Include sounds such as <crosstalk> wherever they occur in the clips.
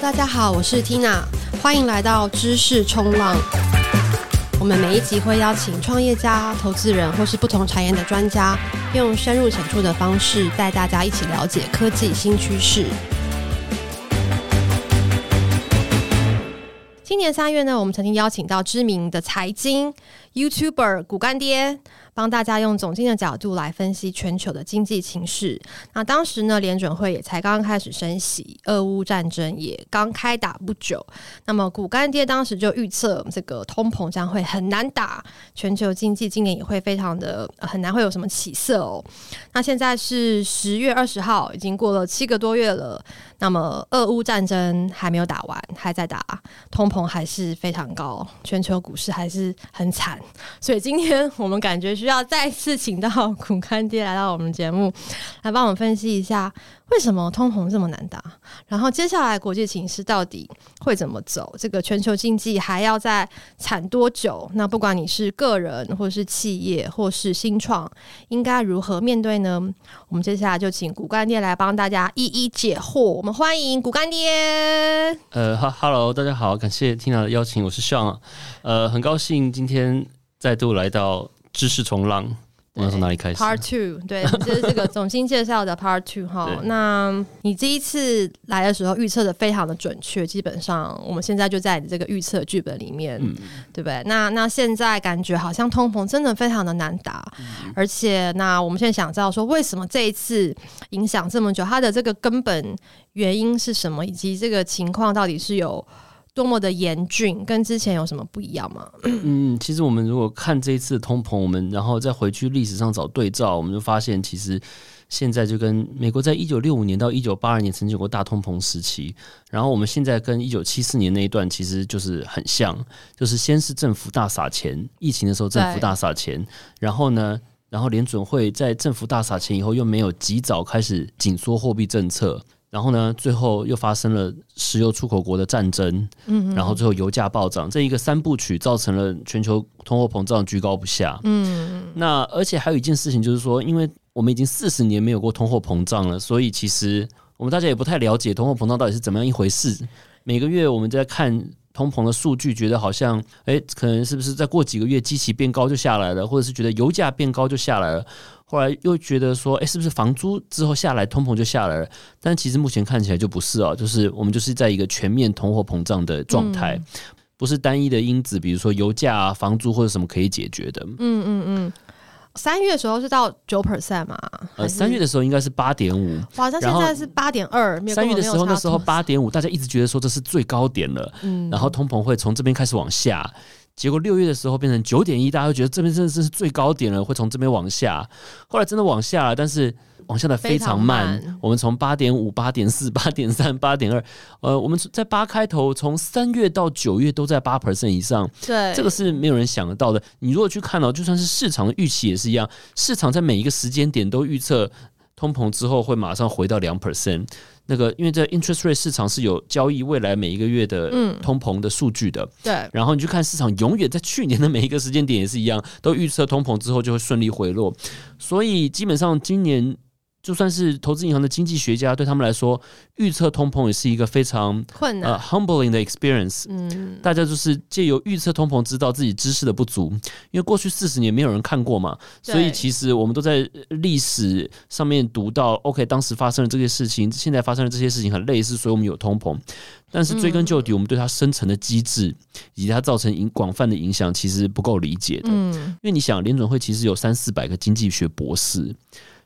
大家好，我是 Tina，歡迎來到知識衝浪。我們每一集會邀請創業家、投資人或是不同產業的專家，用深入淺出的方式帶大家一起了解科技新趨勢。今年三月呢，我們曾經邀請到知名的財經 YouTuber 股乾爹，幫大家用總經的角度來分析全球的經濟情勢。那當時呢，聯準會也才剛剛開始升息，俄烏戰爭也剛開打不久。那麼股乾爹當時就預測，這個通膨將會很難打，全球經濟今年也會非常的、呃、很難會有什麼起色哦。那現在是十月二十號，已經過了七個多月了。那麼俄烏戰爭還沒有打完，還在打，通膨還是非常高，全球股市還是很慘。所以今天我們感覺需要再次請到股乾爹來到我們節目，來幫我們分析一下。為什麼通膨這麼難打？然後接下來國際情勢到底會怎麼走？這個全球經濟還要再慘多久？那不管你是個人，或是企業，或是新創，應該如何面對呢？我們接下來就請股乾爹來幫大家一一解惑。我們歡迎股乾爹。呃，哈，Hello，大家好，感謝 Tina 的邀請，我是 Sean，呃，很高興今天再度來到知識衝浪。我們從哪裡開始？Part two，對，這、就是這個總經介紹的 Part two 哈。 <laughs> 那你這一次來的時候預測的非常的準確，基本上我們現在就在你這個預測劇本裡面，嗯、對不對？那那現在感覺好像通膨真的非常的難打，嗯、而且那我們現在想知道說，為什麼這一次影響這麼久，它的這個根本原因是什麼，以及這個情況到底是有。多麼的嚴峻，跟之前有什麼不一樣嗎？嗯，其實我們如果看這一次的通膨，我們然後再回去歷史上找對照，我們就發現，其實現在就跟美國在一九六五年到一九八二年曾經有過大通膨時期，然後我們現在跟一九七四年那一段其實就是很像，就是先是政府大撒錢，疫情的時候政府大撒錢，然後呢，然後聯準會在政府大撒錢以後又沒有及早開始緊縮貨幣政策。然後呢，最後又發生了石油出口國的戰爭，嗯，然後最後油價暴漲，這一個三部曲造成了全球通貨膨脹居高不下，嗯，那而且還有一件事情就是說，因為我們已經四十年沒有過通貨膨脹了，所以其實我們大家也不太了解通貨膨脹到底是怎麼樣一回事。每個月我們在看通膨的數據，覺得好像，哎，可能是不是再過幾個月，基期變高就下來了，或者是覺得油價變高就下來了。後來又覺得說，哎、欸，是不是房租之後下來，通膨就下來了？但其實目前看起來就不是哦、啊。就是我們就是在一個全面通貨膨脹的狀態、嗯，不是單一的因子，比如說油價、啊、房租或者什麼可以解決的。嗯嗯嗯，三、嗯、月的時候是到九 percent 嗎？呃，三月的時候應該是八點五，好像現在是八點二。三月的時候,時候那時候八點五，大家一直覺得說這是最高點了，嗯、然後通膨會從這邊開始往下。結果六月的時候變成九點一，大家會覺得這邊真的是最高點了，會從這邊往下。後來真的往下了，但是往下的非常慢。非常慢。我們從八點五、八點四、八點三、八點二，呃，我們在八開頭，從三月到九月都在八 percent 以上。對，這個是沒有人想得到的。你如果去看到、哦，就算是市場的預期也是一樣，市場在每一個時間點都預測。通膨之後會馬上回到兩 percent，那個因為這 interest rate 市場是有交易未來每一個月的通膨的數據的、嗯，對，然後你去看市場，永遠在去年的每一個時間點也是一樣，都預測通膨之後就會順利回落，所以基本上今年。就算是投資銀行的經濟學家，對他們來說，預測通膨也是一個非常困難、呃，humbling 的 experience。嗯，大家就是借由預測通膨，知道自己知識的不足。因為過去四十年沒有人看過嘛，所以其實我們都在歷史上面讀到：OK，當時發生了這些事情，現在發生了這些事情很類似，所以我們有通膨。但是追根究底，我們對它生成的機制、嗯、以及它造成影廣泛的影響，其實不夠理解的。嗯，因為你想，聯準會其實有三四百個經濟學博士。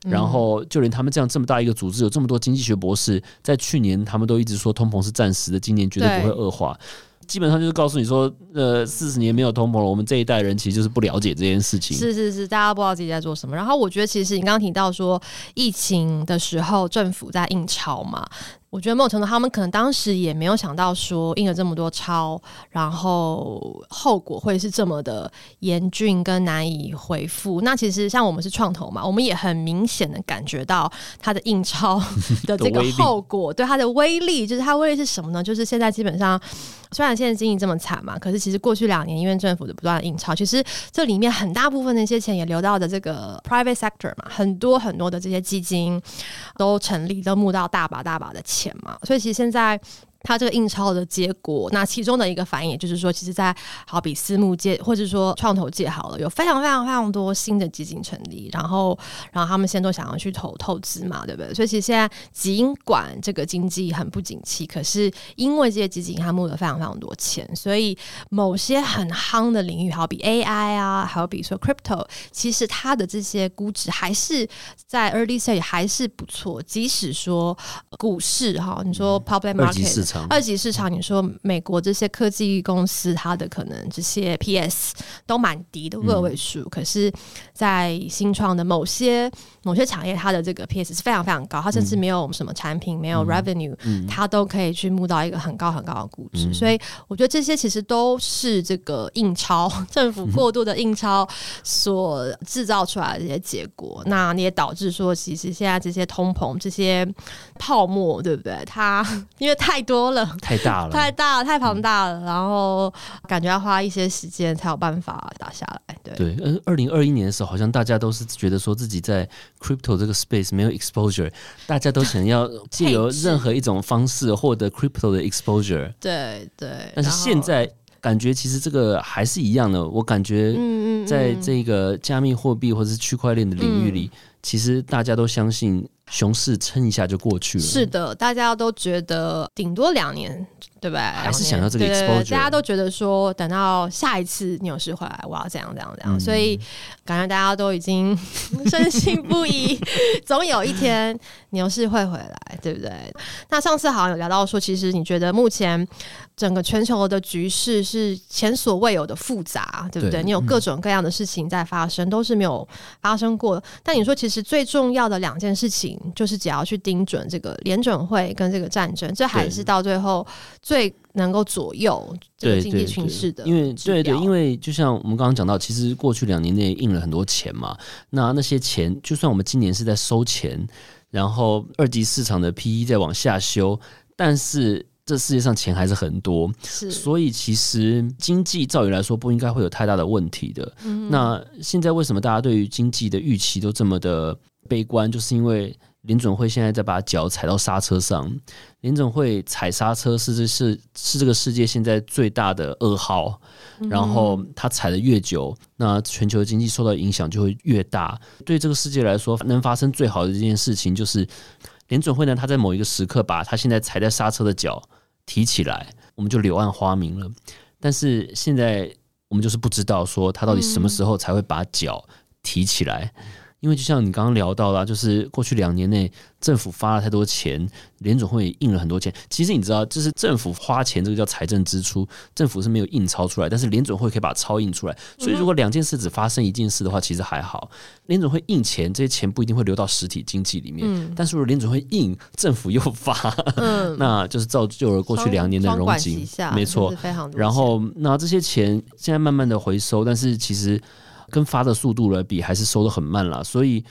然後，就連他們這樣這麼大一個組織，有這麼多經濟學博士，在去年他們都一直說通膨是暫時的，今年絕對不會惡化。基本上就是告訴你說，呃，四十年沒有通膨了，我們這一代人其實就是不了解這件事情。是是是，大家不知道自己在做什麼。然後我覺得，其實你剛剛提到說疫情的時候，政府在印鈔嘛。我覺得某種程度，他們可能當時也沒有想到，說印了這麼多鈔，然後後果會是這麼的嚴峻跟難以恢復。那其實像我們是創投嘛，我們也很明顯的感覺到它的印鈔的這個後果， <laughs> 對它的威力，就是它的威力是什麼呢？就是現在基本上，雖然現在經營這麼慘嘛，可是其實過去兩年，因為政府的不斷印鈔，其實這裡面很大部分的一些錢也流到的這個 private sector 嘛，很多很多的這些基金都成立，都募到大把大把的錢。錢嘛，所以其實現在。它這個印鈔的結果，那其中的一個反應也就是說，其實在好比私募界，或者說創投界好了，有非常非常非常多新的基金成立，然後然後他們現在都想要去投投資嘛，對不對？所以其實現在儘管這個經濟很不景氣，可是因為這些基金它募了非常非常多錢，所以某些很夯的領域，好比 AI 啊，還有比如說 Crypto，其實它的這些估值，還是在 early stage 還是不錯，即使說股市哈，你說 public market、嗯。二級市場，你說美國這些科技公司，它的可能這些 PS 都蠻低的，個位數。可是，在新創的某些。某些產業它的這個 PS 是非常非常高，它甚至沒有什麼產品、嗯、沒有 revenue、嗯嗯、它都可以去募到一個很高很高的估值、嗯。所以我覺得這些其實都是這個印鈔政府過度的印鈔所製造出來的這些結果。嗯、那你也導致說，其實現在這些通膨、這些泡沫，對不對？它因為太多了，太大了，太大了，太龐大了、嗯，然後感覺要花一些時間才有辦法打下來。對對。嗯，二零二一年的時候，好像大家都是覺得說自己在。Crypto 這個 space 沒有 exposure，大家都想要借由任何一種方式獲得 crypto 的 exposure。對對。但是現在感覺其實這個還是一樣的，我感覺，在這個加密貨幣或者是區塊鏈的領域裡， <laughs> 其實大家都相信。熊市撐一下就過去了，是的，大家都覺得頂多兩年，對不對？還是想要這個 exposure。對，對，大家都覺得說等到下一次牛市回來，我要這樣這樣這樣。嗯、所以感覺大家都已經深信不疑， <laughs> 總有一天牛市會回來，對不對？那上次好像有聊到說，其實你覺得目前整個全球的局勢是前所未有的複雜，對不對，對？你有各種各樣的事情在發生，嗯、都是沒有發生過的。但你說，其實最重要的兩件事情。就是只要去盯準這個聯準會跟這個戰爭，這還是到最後最能夠左右這個經濟形勢的。對對對對。因為對、對對，因為就像我們剛剛講到，其實過去兩年內印了很多錢嘛，那那些錢就算我們今年是在收錢，然後二級市場的 PE 在往下修，但是這世界上錢還是很多，是。所以其實經濟照理來說不應該會有太大的問題的、嗯。那現在為什麼大家對於經濟的預期都這麼的悲觀？就是因為。聯準會現在在把腳踩到剎車上，聯準會踩剎車是這是是這個世界現在最大的噩耗，嗯、然後他踩得越久，那全球經濟受到影響就會越大。對這個世界來說，能發生最好的一件事情就是聯準會呢，他在某一個時刻把他現在踩在剎車的腳提起來，我們就柳暗花明了。但是現在我們就是不知道說他到底什麼時候才會把腳提起來。嗯因為就像你剛剛聊到了、啊，就是過去兩年內政府發了太多錢，聯準會印了很多錢。其實你知道，就是政府花錢這個叫財政支出，政府是沒有印鈔出來，但是聯準會可以把鈔印出來。所以如果兩件事只發生一件事的話，嗯、其實還好。聯準會印錢，這些錢不一定會流到實體經濟裡面、嗯。但是如果聯準會印，政府又發，嗯、呵呵，那就是造就了過去兩年的榮景。沒錯、就是，然後那這些錢現在慢慢的回收，但是其實。跟發的速度來比，還是收的很慢了，所以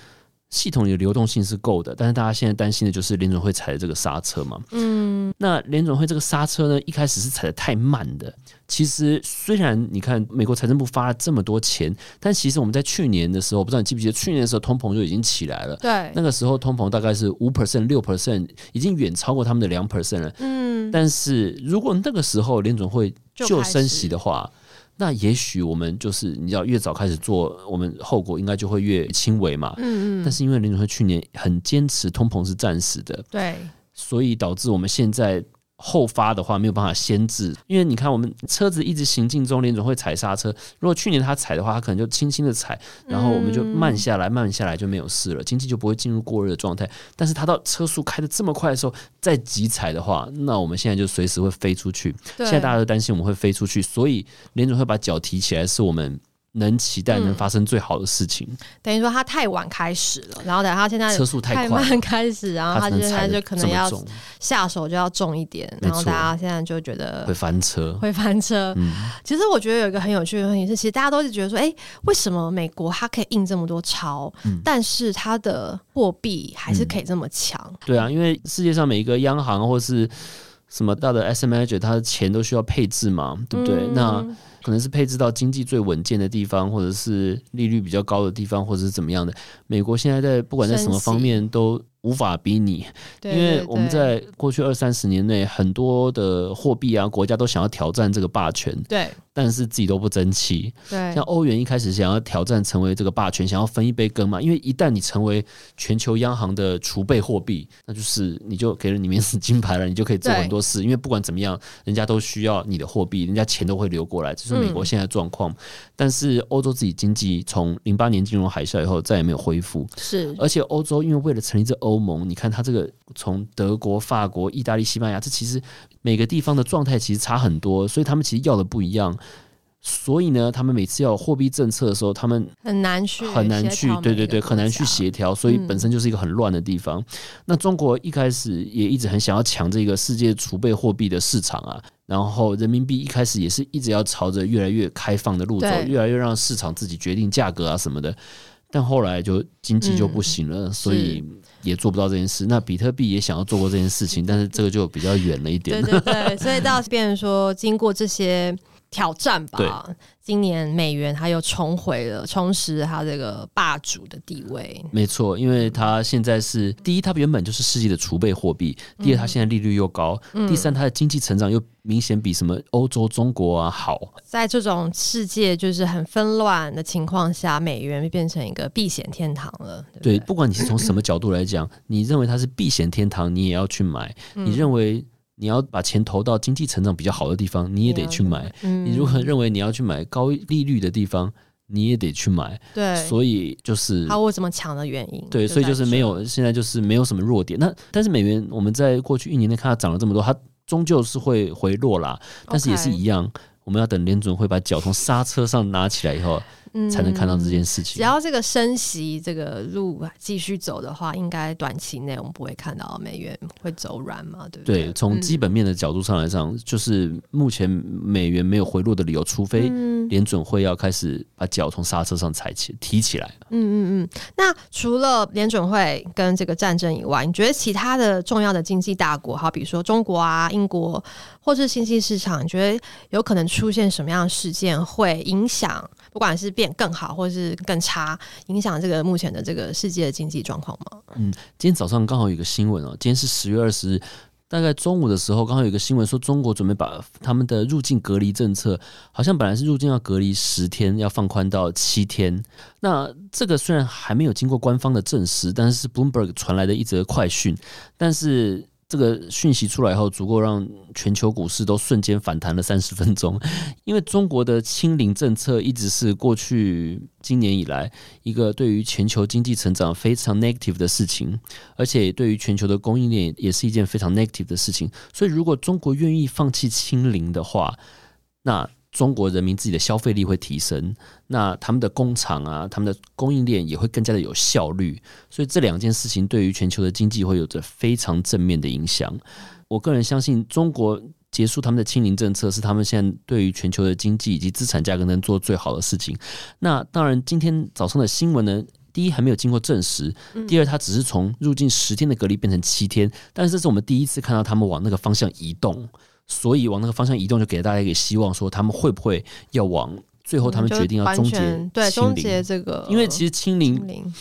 系統的流動性是夠的，但是大家現在擔心的就是聯準會踩的這個剎車嘛。嗯，那聯準會這個剎車呢，一開始是踩的太慢的。其實雖然你看美國財政部發了這麼多錢，但其實我們在去年的時候，不知道你記不記得，去年的時候通膨就已經起來了。對，那個時候通膨大概是五 percent、六 percent，已經遠超過他們的兩 percent 了。嗯，但是如果那個時候聯準會就升息的話。那也許我們就是你知道越早開始做，我們後果應該就會越輕微嘛。嗯，嗯。但是因為聯準會去年很堅持通膨是暫時的，對，所以導致我們現在。後發的話沒有辦法先制，因為你看我們車子一直行進中，聯準會踩剎車。如果去年他踩的話，他可能就輕輕的踩，然後我們就慢下來，嗯、慢下來就沒有事了，經濟就不會進入過熱的狀態。但是他到車速開得這麼快的時候，再急踩的話，那我們現在就隨時會飛出去。現在大家都擔心我們會飛出去，所以聯準會把腳提起來，是我們能期待能發生最好的事情、嗯，等於說他太晚開始了，然後等他現在車速太快了，太慢開始，然後他現在就可能要下手就要重一點，然後大家現在就覺得會翻車，會翻車、嗯。其實我覺得有一個很有趣的問題是，其實大家都是覺得說，哎、欸，為什麼美國它可以印這麼多鈔、嗯，但是它的貨幣還是可以這麼強、嗯？對啊，因為世界上每一個央行或是什麼大的 SMAG 它錢都需要配置嘛，對不對？嗯、那可能是配置到經濟最穩健的地方，或者是利率比較高的地方，或者是怎麼樣的。美國現在在不管在什麼方面都。無法比擬，因為我們在過去二三十年內，很多的貨幣啊，國家都想要挑戰這個霸權，對，但是自己都不爭氣，對，像歐元一開始想要挑戰成為這個霸權，想要分一杯羹嘛，因為一旦你成為全球央行的儲備貨幣，那就是你就給了你免死金牌了，你就可以做很多事。因為不管怎麼樣，人家都需要你的貨幣，人家錢都會流過來。這是美國現在的狀況。嗯，但是歐洲自己經濟從零八年金融海嘯以後再也沒有恢復。是，而且歐洲因為為了成立這歐。歐盟，你看他這個從德國、法國、意大利、西班牙，這其實每個地方的狀態其實差很多，所以他們其實要的不一樣。所以呢，他們每次要有貨幣政策的時候，他們很難去，很難去，對對對，很難去協調，嗯，所以本身就是一個很亂的地方。那中國一開始也一直很想要搶這個世界儲備貨幣的市場啊，然後人民幣一開始也是一直要朝着越來越開放的路走，越來越讓市場自己決定價格啊什麼的。但後來就經濟就不行了，嗯，所以也做不到這件事。那比特幣也想要做過這件事情， <laughs> 但是這個就比較遠了一點。 <laughs> 對對對，所以倒是變成說，經過這些。挑戰吧！今年美元它又重回了，重拾，它這個霸主的地位。沒錯，因為它現在是第一，它原本就是世界的儲備貨幣；第二，它現在利率又高；嗯、第三，它的經濟成長又明顯比什麼歐洲、中國啊好。在這種世界就是很紛亂的情況下，美元變成一個避險天堂了對對。對，不管你是從什麼角度來講， <laughs> 你認為它是避險天堂，你也要去買。嗯、你認為？你要把錢投到經濟成長比較好的地方，你也得去買。嗯、你如果認為你要去買高利率的地方，你也得去買。對，所以就是它，為什麼強的原因。對，所以就是沒有現在就是沒有什麼弱點。嗯、那但是美元我們在過去一年內看它漲了這麼多，它終究是會回落啦。但是也是一樣，okay、我們要等聯準會把腳從剎車上拿起來以後。 <laughs> 才能看到這件事情、嗯。只要這個升息這個路繼續走的話，應該短期內我們不會看到美元會走軟嘛，對不對？對，從基本面的角度上來講、嗯，就是目前美元沒有回落的理由，除非聯準會要開始把腳從剎車上踩起提起來。嗯嗯嗯。那除了聯準會跟這個戰爭以外，你覺得其他的重要的經濟大國，好比如說中國啊、英國或是新興市場，你覺得有可能出現什麼樣的事件會影響，不管是？變更好，或者是更差，影響這個目前的這個世界的經濟狀況嗎？嗯，今天早上剛好有個新聞哦、喔，今天是十月二十日，大概中午的時候，剛好有個新聞說，中國準備把他們的入境隔離政策，好像本來是入境要隔離十天，要放寬到七天。那這個雖然還沒有經過官方的證實，但是是 Bloomberg 傳來的一則快訊，但是。這個訊息出來以後，足夠讓全球股市都瞬間反彈了三十分鐘。因為中國的清零政策一直是過去今年以來一個對於全球經濟成長非常 negative 的事情，而且對於全球的供應鏈也是一件非常 negative 的事情。所以，如果中國願意放棄清零的話，那中國人民自己的消費力會提升，那他們的工廠啊，他們的供應鏈也會更加的有效率，所以這兩件事情對於全球的經濟會有着非常正面的影響。我個人相信，中國結束他們的清零政策是他們現在對於全球的經濟以及資產價格能做最好的事情。那當然，今天早上的新聞呢，第一還沒有經過證實，第二它只是從入境十天的隔離變成七天，但是這是我們第一次看到他們往那個方向移動。所以往那個方向移動，就給了大家一個希望，說他們會不會要往最後他們決定要終結對終結這個，因為其實清零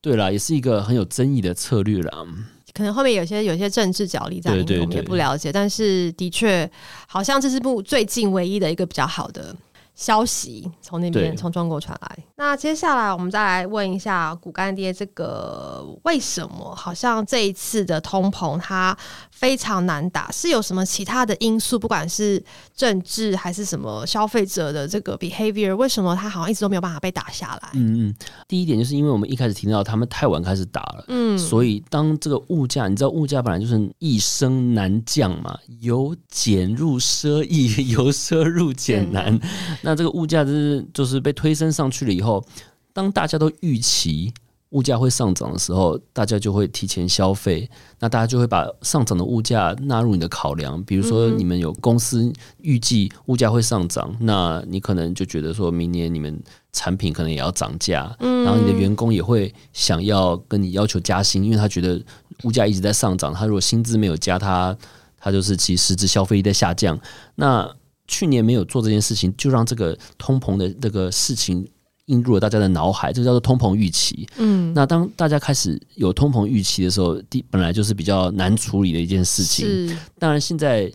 對啦，也是一個很有爭議的策略啦。可能後面有些有些政治角力在我們也不了解。但是的確，好像這是部最近唯一的一個比較好的消息，從那邊從中國傳來。那接下來我們再來問一下股乾爹，這個為什麼好像這一次的通膨它非常難打，是有什麼其他的因素？不管是政治還是什麼消費者的這個 behavior，為什麼他好像一直都沒有辦法被打下來？嗯嗯，第一點就是因為我們一開始聽到他們太晚開始打了，嗯，所以當這個物價，你知道物價本來就是易升難降嘛，由儉入奢易，由奢入儉難，嗯。那這個物價就是就是被推升上去了以後，當大家都預期，物價會上漲的時候，大家就會提前消費，那大家就會把上漲的物價納入你的考量。比如說，你們有公司預計物價會上漲、嗯，那你可能就覺得說明年你們產品可能也要漲價，然後你的員工也會想要跟你要求加薪，因為他覺得物價一直在上漲，他如果薪資沒有加，他他就是其實實質消費在下降。那去年沒有做這件事情，就讓這個通膨的這個事情。映入了大家的腦海，這叫做通膨預期。嗯，那當大家開始有通膨預期的時候，第本來就是比較難處理的一件事情。是，當然現在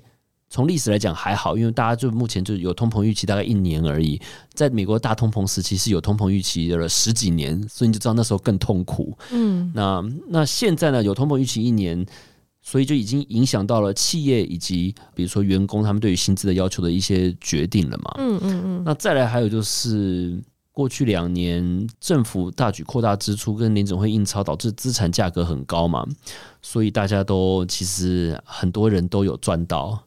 從歷史來講還好，因為大家就目前就有通膨預期，大概一年而已。在美國大通膨時期是有通膨預期有了十幾年，所以你就知道那時候更痛苦。嗯，那那現在呢，有通膨預期一年，所以就已經影響到了企業以及比如說員工他們對於薪資的要求的一些決定了嘛。嗯嗯嗯，那再來還有就是。過去兩年，政府大舉擴大支出跟聯準會印鈔，導致資產價格很高嘛，所以大家都其實很多人都有賺到，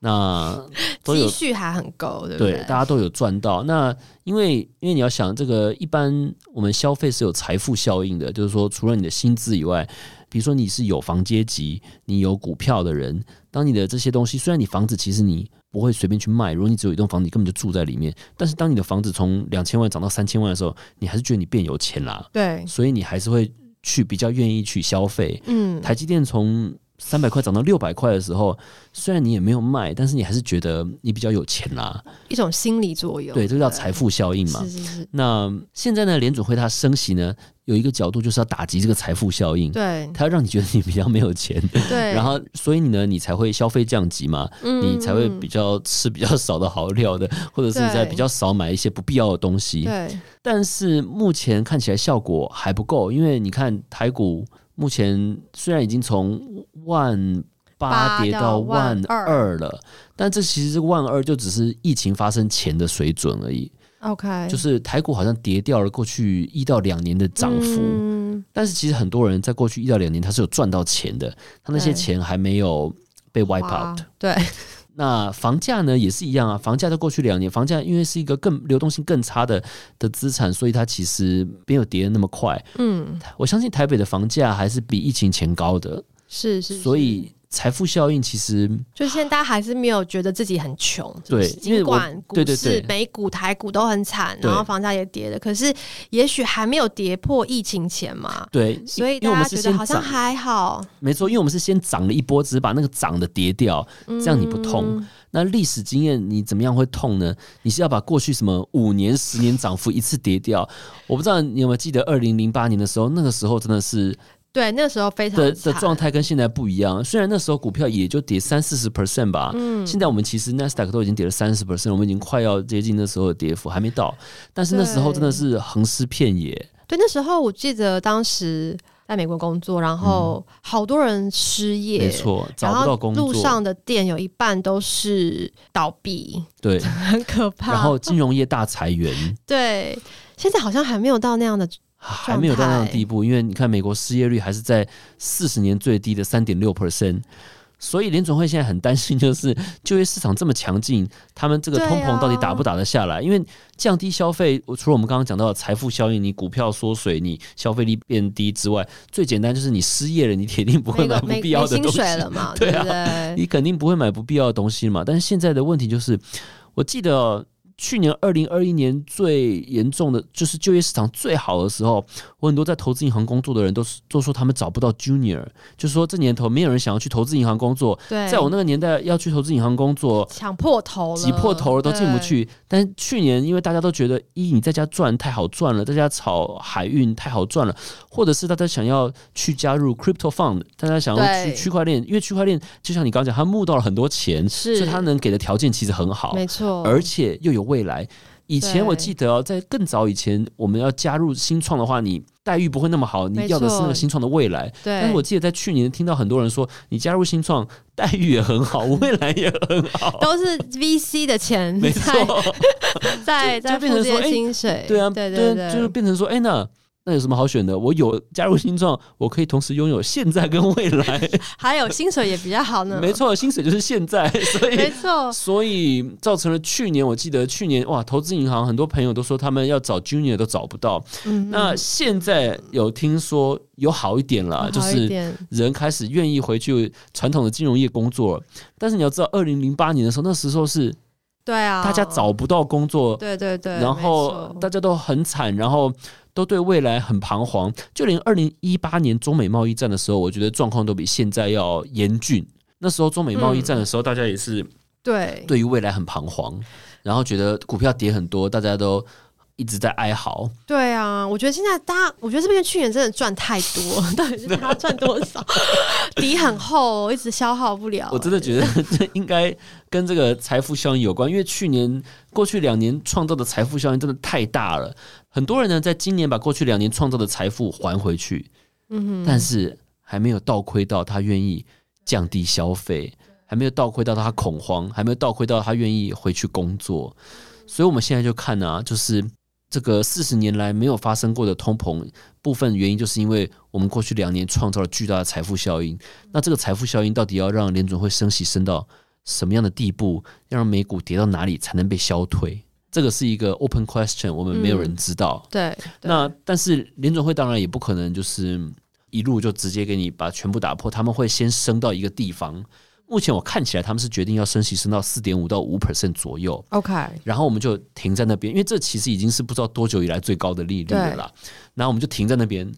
那積蓄還很高的。對，大家都有賺到。那因為因為你要想這個，一般我們消費是有財富效應的，就是說除了你的薪資以外，比如說你是有房階級，你有股票的人，當你的這些東西，雖然你房子其實你。不會隨便去賣。如果你只有一棟房子，你根本就住在裡面。但是當你的房子從兩千萬漲到三千萬的時候，你還是覺得你變有錢啦。對，所以你還是會去比較願意去消費。嗯，台積電從。三百塊漲到六百塊的時候，雖然你也沒有賣，但是你還是覺得你比較有錢啦、啊，一種心理作用。對，這個叫財富效應嘛。是是是。那現在呢，聯準會它升息呢，有一個角度就是要打擊這個財富效應。對，它讓你覺得你比較沒有錢。對。然後，所以你呢，你才會消費降級嘛。嗯。你才會比較吃比較少的好料的，或者是在比較少買一些不必要的東西。對。但是目前看起來效果還不夠，因為你看台股。目前雖然已經從萬八跌到萬二了，二但這其實這個萬二就只是疫情發生前的水準而已。OK，就是台股好像跌掉了過去一到兩年的漲幅，嗯，但是其實很多人在過去一到兩年他是有賺到錢的，嗯，他那些錢還沒有被 wipe out。對。那房價呢也是一樣啊，房價在過去兩年，房價因為是一個更流動性更差的的資產，所以它其實沒有跌的那麼快。嗯，我相信台北的房價還是比疫情前高的。是、嗯、是，所以。是是是財富效應其實，就現在大家還是沒有覺得自己很窮，對，儘管股市、美股、台股都很慘，然後房價也跌了，可是也許還沒有跌破疫情前嘛。對，所以大家覺得好像還好。沒錯，因為我們是先漲了一波，只是把那個漲的跌掉，這樣你不痛，嗯。那歷史經驗，你怎麼樣會痛呢？你是要把過去什麼五年、十年漲幅一次跌掉？ <laughs> 我不知道你有沒有記得二零零八年的時候，那個時候真的是。對，那時候非常的的狀態跟現在不一樣。雖然那時候股票也就跌三四十 percent 吧，嗯，現在我們其實 Nasdaq 都已經跌了三十 percent，我們已經快要接近那時候的跌幅，還沒到。但是那時候真的是橫屍遍野對。對，那時候我記得當時在美國工作，然後好多人失業，嗯、沒錯，找不到工作。路上的店有一半都是倒閉，對，很可怕。然後金融業大裁員， <laughs> 對。現在好像還沒有到那樣的。還沒有到那種地步，因為你看美國失業率還是在四十年最低的三點六 percent，所以聯準會現在很擔心，就是就業市場這麼強勁，他們這個通膨到底打不打得下來？啊、因為降低消費，除了我們剛剛講到的財富效應，你股票縮水，你消費力變低之外，最簡單就是你失業了，你鐵定不會買不必要的東西了嘛？ <laughs> 對啊對對，你肯定不會買不必要的東西嘛？但是現在的問題就是，我記得、哦。去年二零二一年最嚴重的就是就業市場最好的時候。我很多在投資銀行工作的人都，都是都說他們找不到 junior，就是說這年頭沒有人想要去投資銀行工作。對，在我那個年代要去投資銀行工作，搶破頭、擠破頭了都進不去。但去年因為大家都覺得，一你在家賺太好賺了，在家炒海運太好賺了，或者是大家想要去加入 Crypto Fund，大家想要去區塊鏈，因為區塊鏈就像你剛講，他募到了很多錢，是所以他能給的條件其實很好，沒錯，而且又有未來。以前我記得，在更早以前，我們要加入新創的話，你待遇不會那麼好，你要的是那個新創的未來。但是，我記得在去年聽到很多人說，你加入新創，待遇也很好，未來也很好，都是 VC 的錢，沒錯，在在付這些薪水。欸，對啊，對對、對，就是變成說，哎、欸，那。那有什麼好選的？我有加入新創，我可以同時擁有現在跟未來。 <laughs> <laughs> 還有薪水也比較好呢。沒錯，薪水就是現在，所以沒錯。所以造成了去年，我記得去年哇，投資銀行很多朋友都說他們要找 junior 都找不到。嗯，那現在有聽說有好一點了，就是人開始願意回去傳統的金融業工作。但是你要知道，二零零八年的時候，那時候是，對啊，大家找不到工作，對啊，對對對，然後大家都很慘，然後。都對未來很彷徨，就連二零一八年中美貿易戰的時候，我覺得狀況都比現在要嚴峻。那時候中美貿易戰的時候，嗯、大家也是對對於未來很彷徨，然後覺得股票跌很多，大家都一直在哀嚎。對啊，我覺得現在大家，我覺得是不是去年真的賺太多，到底是他賺多少底 <laughs> 很厚、哦，一直消耗不了。我真的覺得這應該跟這個財富效應有關，因為去年過去兩年創造的財富效應真的太大了。很多人呢，在今年把過去兩年創造的財富還回去，嗯哼，但是還沒有倒虧到他願意降低消費，還沒有倒虧到他恐慌，還沒有倒虧到他願意回去工作。所以我們現在就看啊，就是這個四十年來沒有發生過的通膨，部分原因就是因為我們過去兩年創造了巨大的財富效應。那這個財富效應到底要讓聯準會升息升到什麼樣的地步，要讓美股跌到哪裡才能被消退？這個是一個 open question，我們沒有人知道。嗯、對，對，那但是聯準會當然也不可能就是一路就直接給你把全部打破，他們會先升到一個地方。目前我看起來他們是決定要升息升到四點五到五 percent 左右。OK，然後我們就停在那邊，因為這其實已經是不知道多久以來最高的利率了啦。然後我們就停在那邊，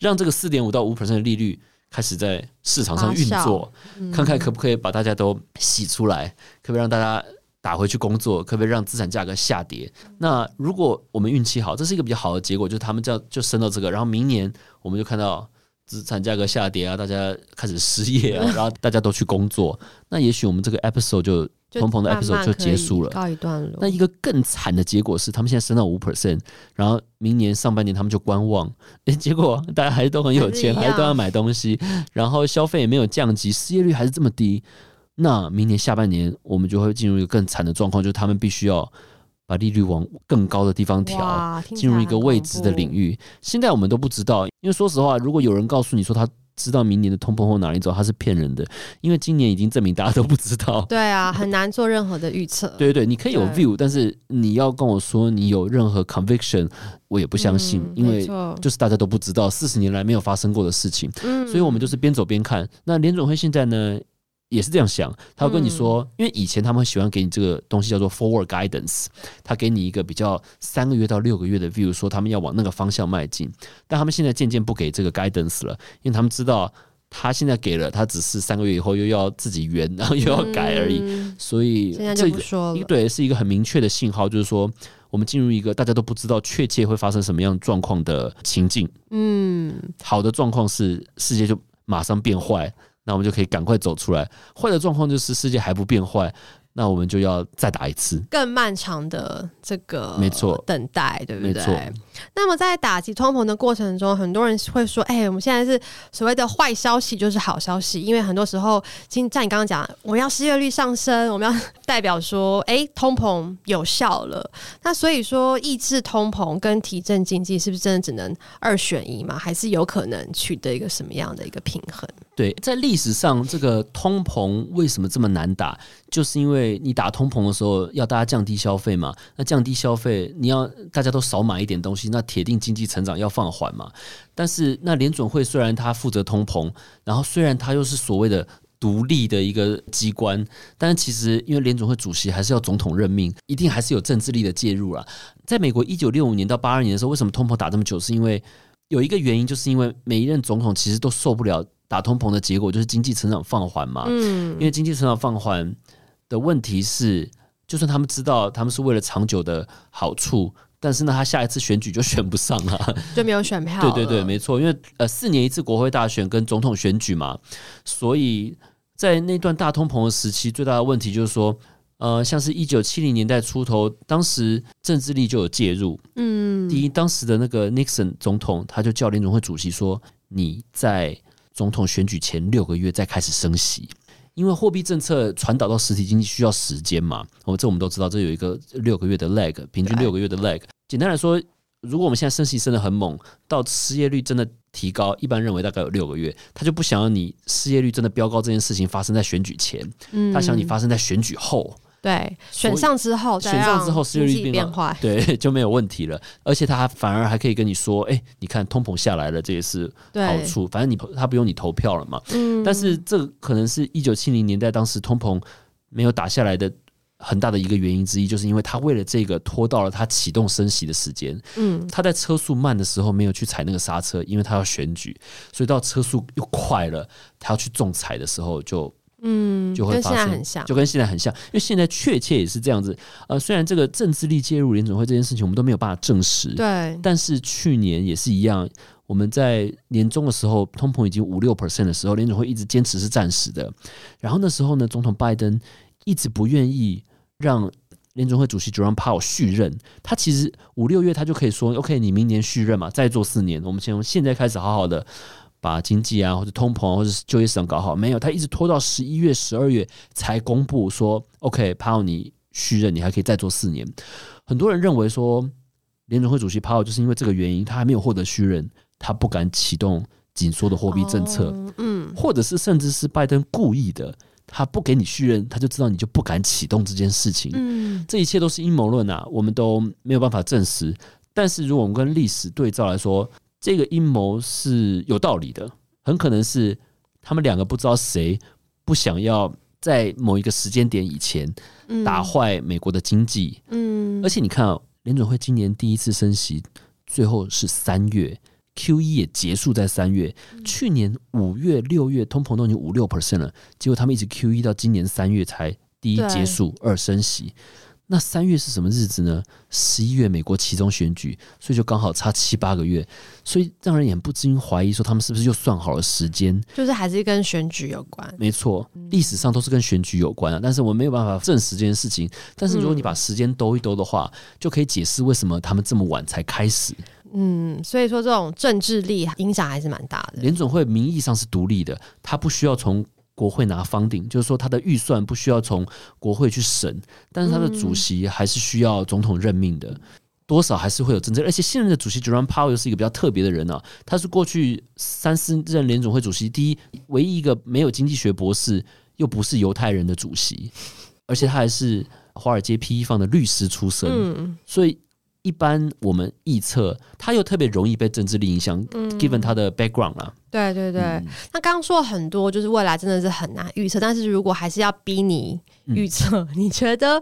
讓這個四點五到五 percent 的利率開始在市場上運作，啊嗯，看看可不可以把大家都洗出來，可不可以讓大家。打回去工作，可不可以讓資產價格下跌？那如果我們運氣好，這是一個比較好的結果，就是、他們就就升到這個，然後明年我們就看到資產價格下跌啊，大家開始失業啊，然後大家都去工作， <laughs> 那也許我們這個 episode 就通膨的 episode 就結束了，告一段落。那一個更慘的結果是，他們現在升到五 percent，然後明年上半年他們就觀望、欸，結果大家還是都很有錢，還是都要買東西，然後消費也沒有降級，失業率還是這麼低。那明年下半年，我們就會進入一個更慘的狀況，就是他們必須要把利率往更高的地方調，進入一個未知的領域。現在我們都不知道，因為說實話，如果有人告訴你說他知道明年的通膨會哪裡走，他是騙人的。因為今年已經證明大家都不知道。對啊，很難做任何的預測。 <laughs> 對對，對你可以有 view，但是你要跟我說你有任何 conviction，我也不相信，嗯、因為就是大家都不知道，四十年來沒有發生過的事情。嗯、所以我們就是邊走邊看。那聯準會現在呢？也是這樣想，他會跟你說，嗯、因為以前他們喜歡給你這個東西叫做 forward guidance，他給你一個比較三個月到六個月的 view，說他們要往那個方向邁進，但他們現在漸漸不給這個 guidance 了，因為他們知道他現在給了，他只是三個月以後又要自己圓，然後又要改而已，嗯、所以這個，對是一個很明確的信號，就是說我們進入一個大家都不知道確切會發生什麼樣狀況的情境。嗯，好的狀況是世界就馬上變壞。那我們就可以趕快走出來。壞的狀況就是世界還不變壞，那我們就要再打一次更漫長的這個沒錯等待，對不對？那麼在打擊通膨的過程中，很多人會說：“哎、欸，我們現在是所謂的壞消息就是好消息，因為很多時候，今像你剛剛講，我要失業率上升，我們要代表說，哎、欸，通膨有效了。那所以說，抑制通膨跟提振經濟，是不是真的只能二選一嘛？還是有可能取得一個什麼樣的一個平衡？”對，在歷史上，這個通膨為什麼這麼難打？就是因為你打通膨的時候，要大家降低消費嘛。那降低消費，你要大家都少買一點東西，那鐵定經濟成長要放緩嘛。但是，那聯準會雖然他負責通膨，然後雖然他又是所謂的獨立的一個機關，但是其實因為聯準會主席還是要總統任命，一定還是有政治力的介入了。在美國一九六五年到八二年的時候，為什麼通膨打這麼久？是因為有一個原因，就是因為每一任總統其實都受不了打通膨的結果，就是經濟成長放緩嘛。嗯，因為經濟成長放緩的問題是，就算他們知道他們是為了長久的好處，但是呢，他下一次選舉就選不上了啊，就沒有選票。 <laughs> 對對對，沒錯，因為呃，四年一次國會大選跟總統選舉嘛，所以在那段大通膨的時期，最大的問題就是說。呃，像是一九七零年代出頭，當時政治力就有介入。嗯，第一，當時的那個 Nixon 總統，他就叫聯準會主席說：“你在總統選舉前六個月再開始升息，因為貨幣政策傳導到實體經濟需要時間嘛。我、哦、這我們都知道，這有一個六個月的 lag，平均六個月的 lag。簡單來說，如果我們現在升息升得很猛，到失業率真的提高，一般認為大概有六個月，他就不想要你失業率真的飆高這件事情發生在選舉前，嗯、他想你發生在選舉後。”對，選上之後，選上之後，失業率變化，對，就沒有問題了。而且他反而還可以跟你說，哎、欸，你看通膨下來了，這也是好處。反正你他不用你投票了嘛。嗯、但是這可能是一九七零年代當時通膨沒有打下來的很大的一個原因之一，就是因為他為了這個拖到了他啟動升息的時間。嗯，他在車速慢的時候沒有去踩那個剎車，因為他要選舉，所以到車速又快了，他要去重踩的時候就。嗯，跟很像就跟現在很像，就跟現在很像，因為現在確切也是這樣子。呃，雖然這個政治力介入聯準會這件事情，我們都沒有辦法證實。對，但是去年也是一樣，我們在年終的時候，通膨已經五六 percent 的時候，聯準會一直堅持是暫時的。然後那時候呢，總統拜登一直不願意讓聯準會主席 Jerome Powell 續任。他其實五六月他就可以說：“OK，你明年續任嘛，再做四年。”我們先從現在開始好好的。把經濟啊，或者通膨，或者就業市場搞好。沒有，他一直拖到十一月、十二月才公布說，OK，Powell，你續任，你還可以再做四年。很多人認為說，聯準會主席 Powell 就是因為這個原因，他還沒有獲得續任，他不敢啟動緊縮的貨幣政策，哦，嗯，或者是甚至是拜登故意的，他不給你續任，他就知道你就不敢啟動這件事情，嗯，這一切都是陰謀論啊，我們都沒有辦法證實。但是如果我們跟歷史對照來說，這個陰謀是有道理的，很可能是他們兩個不知道誰不想要在某一個時間點以前打壞美國的經濟。嗯嗯。而且你看，喔，聯準會今年第一次升息，最後是三月 QE 也結束在三月，嗯。去年五月、六月通膨都已經五六%了，結果他們一直 QE 到今年三月才第一結束，二升息。那三月是什麼日子呢？十一月美國期中選舉，所以就剛好差七八個月，所以讓人也不禁懷疑說，他們是不是又算好了時間？就是還是跟選舉有關。沒錯，歷、嗯、史上都是跟選舉有關啊。但是我們沒有辦法證實這件事情。但是如果你把時間兜一兜的話，嗯、就可以解釋為什麼他們這麼晚才開始。嗯，所以說這種政治力影響還是蠻大的。聯準會名義上是獨立的，它不需要從。國會拿 funding 就是說他的預算不需要從國會去審，但是他的主席還是需要總統任命的。嗯、多少還是會有真正。而且現任的主席 Jerome Powell 是一個比較特別的人啊，他是過去三四任聯總會主席第一，唯一一個沒有經濟學博士又不是猶太人的主席，而且他還是華爾街 PE 方的律師出身，嗯、所以。一般我們預測，它又特別容易被政治力影響，嗯，given 它的 background 啊。對對對，嗯、那剛剛說很多，就是未來真的是很難預測。但是如果還是要逼你預測、嗯，你覺得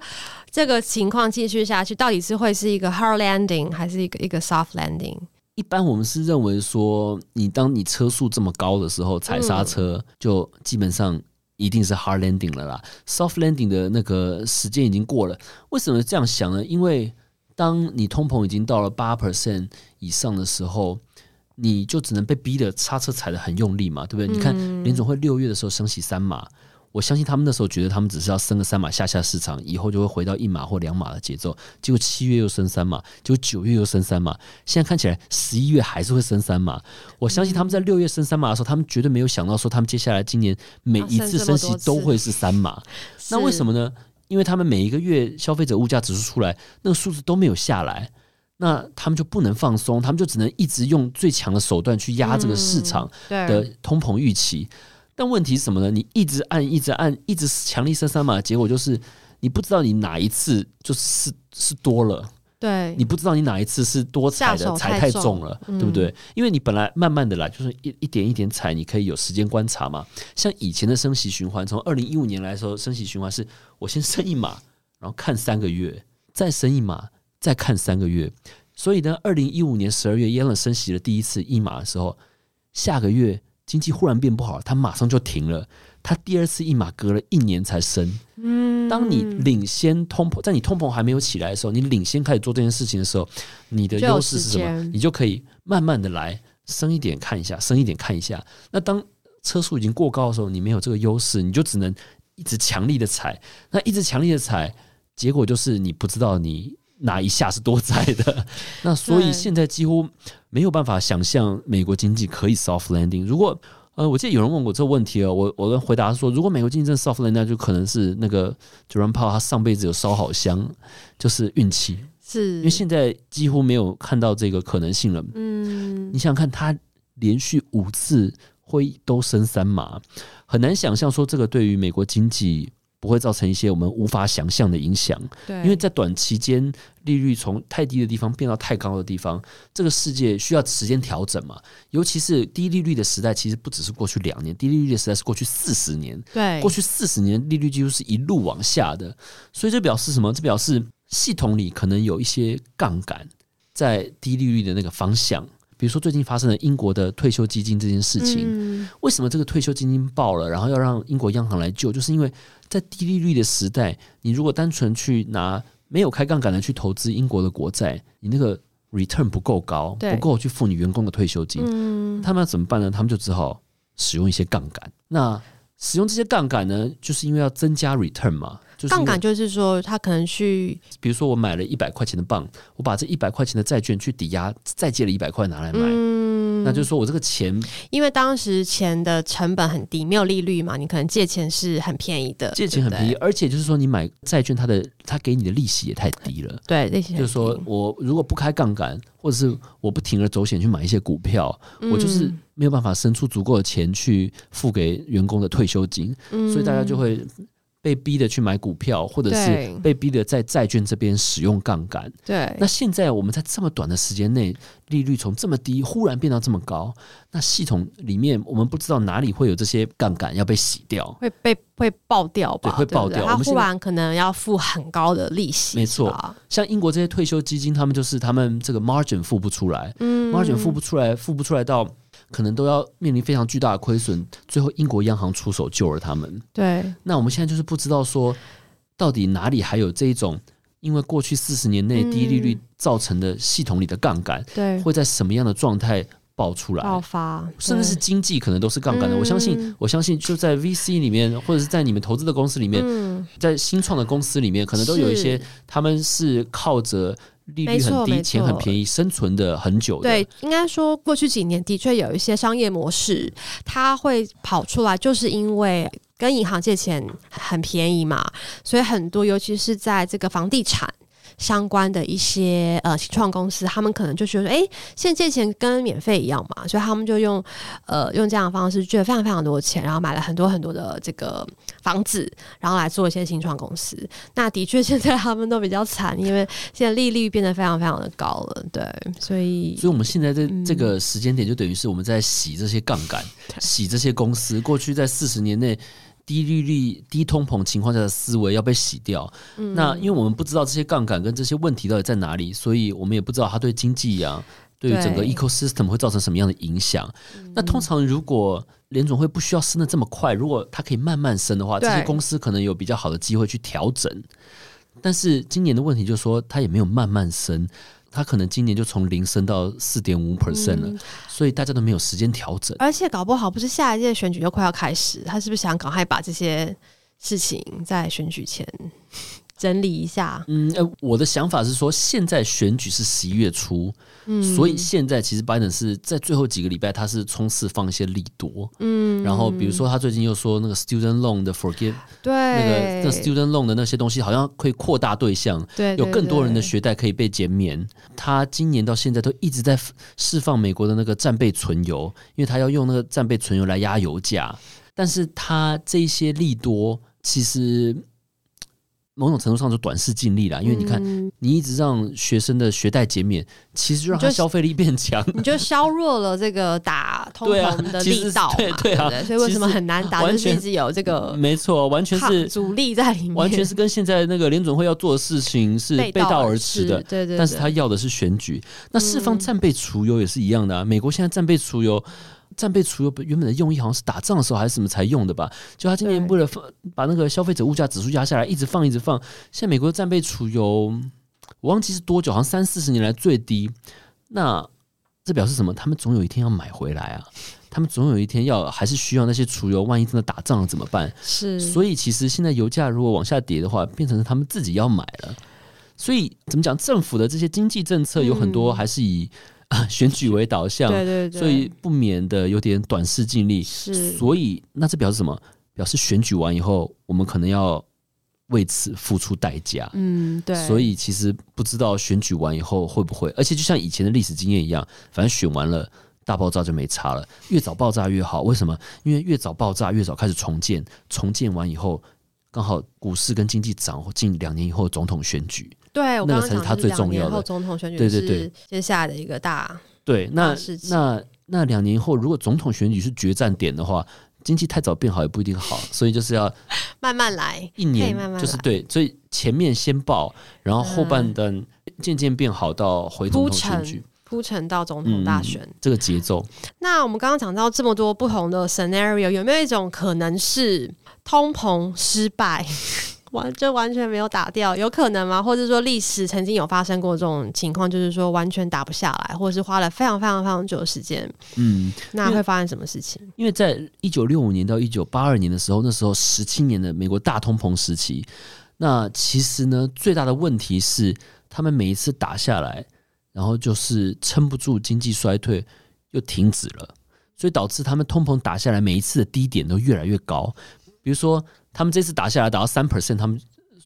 這個情況繼續下去，到底是會是一個 hard landing，還是一個一個 soft landing？一般我們是認為說，你當你車速這麼高的時候踩剎車、嗯，就基本上一定是 hard landing 了啦。Soft landing 的那個時間已經過了。為什麼這樣想呢？因為當你通膨已經到了八 percent 以上的時候，你就只能被逼得剎車踩得很用力嘛，對不對？嗯、你看聯準會六月的時候升息三碼，我相信他們那時候覺得他們只是要升個三碼下下市場，以後就會回到一碼或兩碼的節奏。結果七月又升三碼，結果九月又升三碼，現在看起來十一月還是會升三碼。我相信他們在六月升三碼的時候、嗯，他們絕對沒有想到說他們接下來今年每一次升息都會是三碼、啊。那為什麼呢？因為他們每一個月消費者物價指數出來，那個數字都沒有下來，那他們就不能放鬆，他們就只能一直用最強的手段去壓這個市場的通膨預期。嗯、但問題是什麼呢？你一直按，一直按，一直強力升三,三碼嘛，結果就是你不知道你哪一次就是是多了。對，你不知道你哪一次是多踩的，太踩太重了，嗯、對不對？因為你本來慢慢的來，就是一一點一點踩，你可以有時間觀察嘛。像以前的升息循環，從二零一五年來說，升息循環是我先升一碼，然後看三個月，再升一碼，再看三個月。所以呢，二零一五年十二月葉倫升息了第一次一碼的時候，下個月經濟忽然變不好，它馬上就停了。他第二次一碼隔了一年才升。嗯，當你領先通膨，在你通膨還沒有起來的時候，你領先開始做這件事情的時候，你的優勢是什麼？你就可以慢慢的來，升一點看一下，升一點看一下。那當車速已經過高的時候，你沒有這個優勢，你就只能一直強力的踩。那一直強力的踩，結果就是你不知道你哪一下是多踩的。 <laughs> 那所以現在幾乎沒有辦法想象美國經濟可以 soft landing。如果呃，我記得有人問過這個問題哦，我我的回答是說，如果美國經濟真的 soft landing 那就可能是那個 Jerome Powell 他上輩子有燒好香，就是運氣，是因為現在幾乎沒有看到這個可能性了。嗯，你想想看，他連續五次會都升三碼，很難想象說這個對於美國經濟。不會造成一些我們無法想象的影響，對，因為在短期間利率從太低的地方變到太高的地方，這個世界需要時間調整嘛。尤其是低利率的時代，其實不只是過去兩年，低利率的時代是過去四十年，對，過去四十年利率幾乎是一路往下的，所以這表示什麼？這表示系統裡可能有一些槓桿在低利率的那個方向。比如說最近發生的英國的退休基金這件事情，為什麼這個退休基金爆了，然後要讓英國央行來救？就是因為在低利率的時代，你如果單純去拿沒有開槓桿的去投資英國的國債，你那個 return 不夠高，不夠去付你員工的退休金，嗯。他們要怎麼辦呢？他們就只好使用一些槓桿。那使用這些槓桿呢，就是因為要增加 return 嘛。槓桿就是說，他可能去，比如說我買了一百塊錢的 bond，我把這一百塊錢的債券去抵押，再借了一百塊拿來買。嗯那就是說我這個錢，因為當時錢的成本很低，沒有利率嘛，你可能借錢是很便宜的，借錢很便宜。對對對，而且就是說，你買債券，它的它給你的利息也太低了。對，利息就是說我如果不開槓桿，或者是我不鋌而走險去買一些股票、嗯，我就是沒有辦法生出足夠的錢去付給員工的退休金，嗯、所以大家就會。被逼的去買股票，或者是被逼的在債券這邊使用槓桿。對。那現在我們在這麼短的時間內，利率從這麼低忽然變到這麼高，那系統裡面我們不知道哪裡會有這些槓桿要被洗掉，會被會爆掉吧？對，會爆掉。我們忽然可能要付很高的利息。沒錯，像英國這些退休基金，他們就是他們這個 margin 付不出來，嗯，margin 付不出來，付不出來到。可能都要面臨非常巨大的虧損，最後英國央行出手救了他們。對，那我們現在就是不知道說，到底哪裡還有這一種因為過去四十年內低利率造成的系統裡的槓桿，嗯，對，會在什麼樣的狀態？爆出來，爆發，甚至是經濟可能都是槓桿的，嗯。我相信，我相信就在 VC 裡面，或者是在你們投資的公司裡面，嗯，在新創的公司裡面，可能都有一些他們是靠着利率很低、錢很便宜生存的很久的。對，應該說過去幾年的確有一些商業模式，它會跑出來，就是因為跟銀行借錢很便宜嘛，所以很多，尤其是在這個房地產。相關的一些呃新創公司，他們可能就覺得說，哎、欸，現在借錢跟免費一樣嘛，所以他們就用呃用這樣的方式借了非常非常多的錢，然後買了很多很多的這個房子，然後來做一些新創公司。那的確，現在他們都比較慘，因為現在利率變得非常非常的高了。對，所以，所以我們現在這這個時間點，就等於是我們在洗這些槓桿，洗這些公司。過去在四十年內。低利率、低通膨情況下的思維要被洗掉、嗯。那因為我們不知道這些槓桿跟這些問題到底在哪裡，所以我們也不知道它對經濟呀、啊、對於整個 ecosystem 會造成什麼樣的影響。嗯、那通常如果聯準會不需要升得這麼快，如果它可以慢慢升的話，這些公司可能有比較好的機會去調整。但是今年的問題就是說，它也沒有慢慢升。他可能今年就從零升到四點五 percent 了，嗯，所以大家都沒有時間調整。而且搞不好不是下一屆選舉就快要開始，他是不是想趕快把這些事情在選舉前？ <laughs> 整理一下。嗯、呃，我的想法是說，現在選舉是十一月初，嗯，所以現在其實拜登是在最後幾個禮拜，他是衝刺放一些利多，嗯，然後比如說他最近又說那個 Student Loan 的 Forgive，對，那個那 Student Loan 的那些東西好像可以擴大對象，對，有更多人的學貸可以被減免。他今年到現在都一直在釋放美國的那個戰備存油，因為他要用那個戰備存油來壓油價，但是他這一些利多其實。某種程度上就短視近利了，因為你看、嗯，你一直讓學生的學貸減免，其實就讓他消費力變強，你就削弱了這個打通膨的力道嘛。對，啊對，對，啊、對，對對啊，所以為什麼很難打？完全、就是有這個沒錯，完全是阻力在裡面，完全是跟現在那個聯準會要做的事情是背道而馳的。馳的對，對對，但是他要的是選舉，那釋放戰備儲油也是一樣的啊。嗯、美國現在戰備儲油。戰備儲油原本的用意好像是打仗的時候還是什麼才用的吧？就他今年為了放把那個消費者物價指數壓下來，一直放一直放。現在美國的戰備儲油，我忘記是多久，好像三四十年來最低。那這表示什麼？他們總有一天要買回來啊！他們總有一天要還是需要那些儲油，萬一真的打仗了怎麼辦？是，所以其實現在油價如果往下跌的話，變成了他們自己要買了。所以怎麼講？政府的這些經濟政策有很多還是以。選舉為導向，對對對，所以不免的有點短視近利。是，所以那這表示什麼？表示選舉完以後，我們可能要為此付出代價。嗯，對。所以其實不知道選舉完以後會不會，而且就像以前的歷史經驗一樣，反正選完了大爆炸就沒差了，越早爆炸越好。為什麼？因為越早爆炸，越早開始重建，重建完以後，剛好股市跟經濟漲近兩年以後總統選舉。對，那個才是他最重要的。然後總統選舉是接下來的一個大，大對，剛剛個大大對那那那，那兩年後，如果總統選舉是決戰點的話，經濟太早變好也不一定好，所以就是要慢慢來，一年慢慢來就是對，所以前面先報，然後後半段漸漸變好到回頭鋪陳鋪陳到總統大選，嗯、這個節奏。那我們剛剛講到這麼多不同的 scenario，有沒有一種可能是通膨失敗？完就完全沒有打掉，有可能嗎？或者說歷史曾經有發生過這種情況，就是說完全打不下來，或者是花了非常非常非常久的時間。嗯，那會發生什麼事情？因為，因為在一九六五年到一九八二年的時候，那時候十七年的美國大通膨時期，那其實呢最大的問題是，他們每一次打下來，然後就是撐不住經濟衰退，又停止了，所以導致他們通膨打下來每一次的低點都越來越高。比如說，他們這次打下來打到三 percent，他們